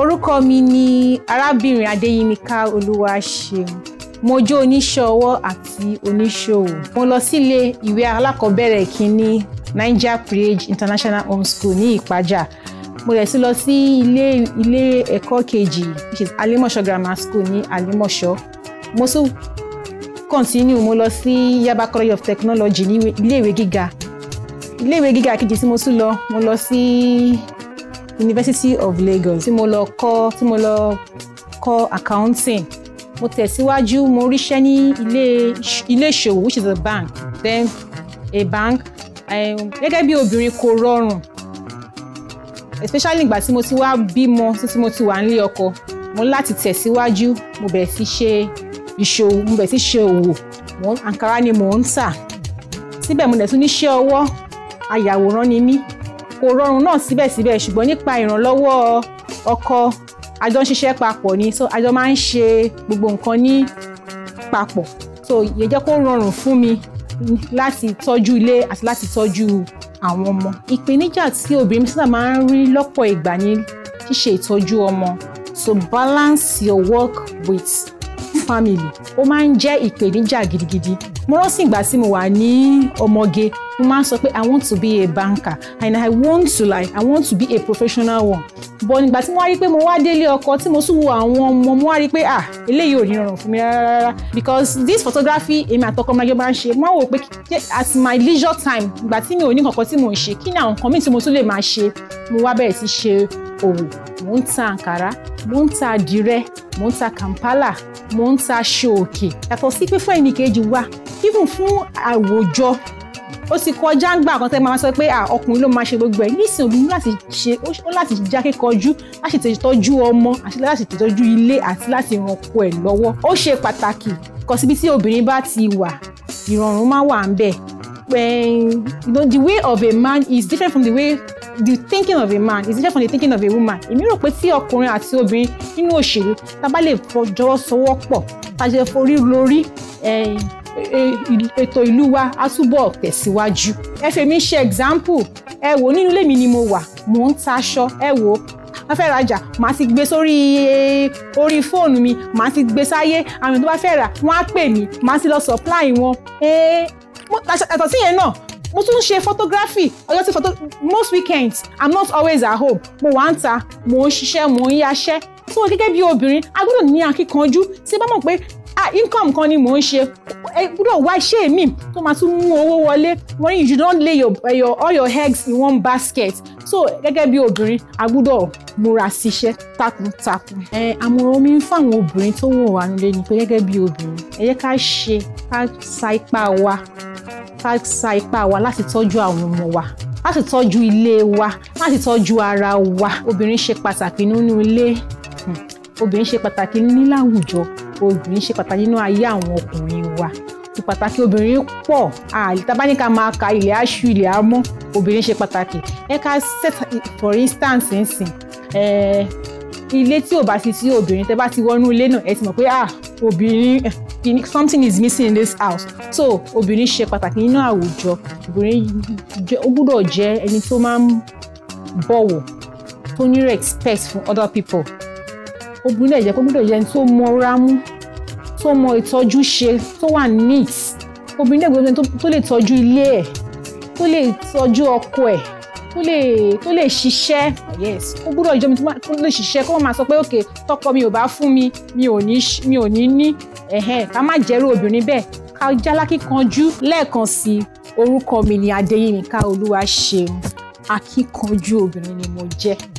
orúkọ mi ni arábìnrin adéyínká olúwaṣeun mo jẹ́ oníṣòwò àti oníṣòwò mo lọ sílé ìwé alákọ̀ọ́bẹ̀rẹ̀ kínní niger bridge international home school ní ìpájà mo rẹ̀ sí lọ sí ilé ilé ẹ̀kọ́ kejì which is alimọ̀ṣọ́ grammar school ní alimọ̀ṣọ́ mo tún continue mo lọ sí yaba college of technology ní iléèwé gíga iléèwé gíga kejì tí mo tún lọ mo lọ sí University of Lagos tí mo lọ kọ́ tí mo lọ kọ́ accounting mo tẹ̀síwájú mo ríṣẹ́ ní ilé ilé ìṣòwò which is a bank then a bank gẹ́gẹ́ bí obìnrin kò rọrùn especially ìgbà tí mo ti wá bímọ títí mo ti wà nílé ọkọ mo ní láti tẹ̀síwájú mo bẹ̀rẹ̀ sí ṣe ìṣòwò mo bẹ̀rẹ̀ sí ṣe òwò àǹkárá ni mò ń tà síbẹ̀ mo dẹ̀ tún níṣẹ́ ọwọ́ ayàwòrán ni mí kò rọrùn náà síbẹ̀síbẹ̀ ṣùgbọ́n nípa ìrànlọ́wọ́ ọkọ àjọ ń ṣiṣẹ́ papọ̀ ni so àjọ máa ń ṣe gbogbo nǹkan ní papọ̀ so ìyẹn jẹ́ kó rọrùn fún mi láti tọ́jú ilé àti láti tọ́jú àwọn ọmọ. ìpèníjà tí obìnrin sábà máa ń rí lọ́pọ̀ ìgbà ni ṣíṣe ìtọ́jú ọmọ so balance your work with family ó máa ń jẹ́ ìpèníjà gidigidi mo rántí ìgbà tí mo wà ní ọmọge mo máa ń sọ pé i want to be a banker and i want to like i want to be a professional one but nígbà tí mo wá rí pé mo wá délé ọkọ tí mo sùn wo àwọn ọmọ mo wá rí pé ah eléyìí ò ní rọrùn fún mi rárá because this photography èmi àtọkọ ọmọ ẹgbẹ́ máa ń ṣe mo wò pé at my leisure time ìgbà tí mi ò ní kankan tí mò ń ṣe kí ni àwọn nǹkan míì tí mo tún lè máa ṣe mo wá bẹ̀rẹ̀ sí ṣe òwò mo ń ta àǹkárá mo ń ta àdìrẹ mo ń ta kàmpálà mo ń ta ṣòkè yàtọ̀ sí pé fún ẹnì kejì wa even fún àwùjọ ó ti kọjá ń gbà kan tẹ́ máa sọ pé ọkùnrin ló máa ṣe gbogbo ẹ̀ nísìn obìnrin láti ṣe ó láti já kíkanjú láti tọ́jú ọmọ àti láti tọ́jú ilé àti láti ran ọkọ ẹ̀ lọ́wọ́ ó ṣe pàtàkì kọsí ibi tí obìnrin bá ti wà ìrọ̀rùn máa wà ń bẹ̀ when you know the way of a man is different from the way the thinking of a man is different from the thinking of a woman èmi rò pé tí ọkùnrin àti obìnrin nínú òṣèlú tá a bá lè jọwọ́ sọwọ́ pọ̀ tá a jẹ́ forí lórí eh, E, ètò ìlú wa á túbọ̀ tẹ̀síwájú. ẹ fèmí ṣe example ẹ wò nínú ilé mi ni mo wà mò ń taṣọ ẹ wò a fẹ́ rajà màá ti gbé sórí orí fóònù mi màá ti gbé sáyé àwọn tó bá fẹ́ rà wọ́n á pè mí màá ti lọ supply wọn. yàtọ̀ síyẹn náà mo tún ń ṣe photography ọjọ́ tí photo most weekends i'm not always at home mo wà ń ta mo ń ṣiṣẹ́ mo ń yaṣẹ́ so gẹ́gẹ́ bí obìnrin a gbọ́dọ̀ ní akíkanjú tí bá mọ̀ pé ah income kan ni mò ń ṣe ẹ gbọ́dọ̀ wá iṣẹ́ mi tó máa tún mú owó wọlé wọ́n you don't lay your, your, all your eggs in one basket so gẹ́gẹ́ bí obìnrin a gbọ́dọ̀ múra síṣẹ́ takuntakun. ẹ àmọ̀ràn mi ń fáwọn obìnrin tó wọ̀ wá nílé ni pé gẹ́gẹ́ bí obìnrin ẹ yẹ ká ṣe ká sa ipá wa ká sa ipá wa láti tọ́jú àwọn ọmọ wa láti tọ́jú ilé wa láti tọ́jú ara wa obìnrin ṣe pàtàkì nínú ilé hmm. obìnrin ṣe pàtàkì níláwùjọ obìnrin ṣe pàtàkì nínú ayé àwọn ọkùnrin wa ti pàtàkì obìnrin pọ̀ àtàbáníkà máa ka ilẹ̀ aṣù ilẹ̀ amọ́ obìnrin ṣe pàtàkì ẹ ká set for instance nsìn ilé tí ò bá ti sí obìnrin tẹ bá ti wọnú ilé náà ẹ ti mọ̀ pé ah obìnrin eh, something is missing in this house so obìnrin ṣe pàtàkì nínú àwùjọ obìnrin ó gbúdọ̀ jẹ́ ẹni tó máa ń bọ̀wọ̀ tó ní respect fún other people obìnrin náà yẹ kó gbọ́dọ̀ yẹ ẹni tó mọra mú tó mọ ìtọ́jú ṣe tó wà neat obìnrin náà gbọ́dọ̀ tó lè tọ́jú ilé ẹ̀ tó lè tọ́jú ọkọ ẹ̀ tó lè ṣiṣẹ́ yes ó gbọ́dọ̀ ìjọba tó lè ṣiṣẹ́ kó wọ́n máa sọ pé ok tọkọ mi ò bá fún mi mi ò ní mi ò ní ní ẹ̀hẹ́n ká má jẹ́rú obìnrin bẹ́ẹ̀ ká jálákì kanjú lẹ́ẹ̀kan sí orúkọ mi ni Adéyínká Olúwaṣeun akíkanjú obìnrin ni mo jẹ́.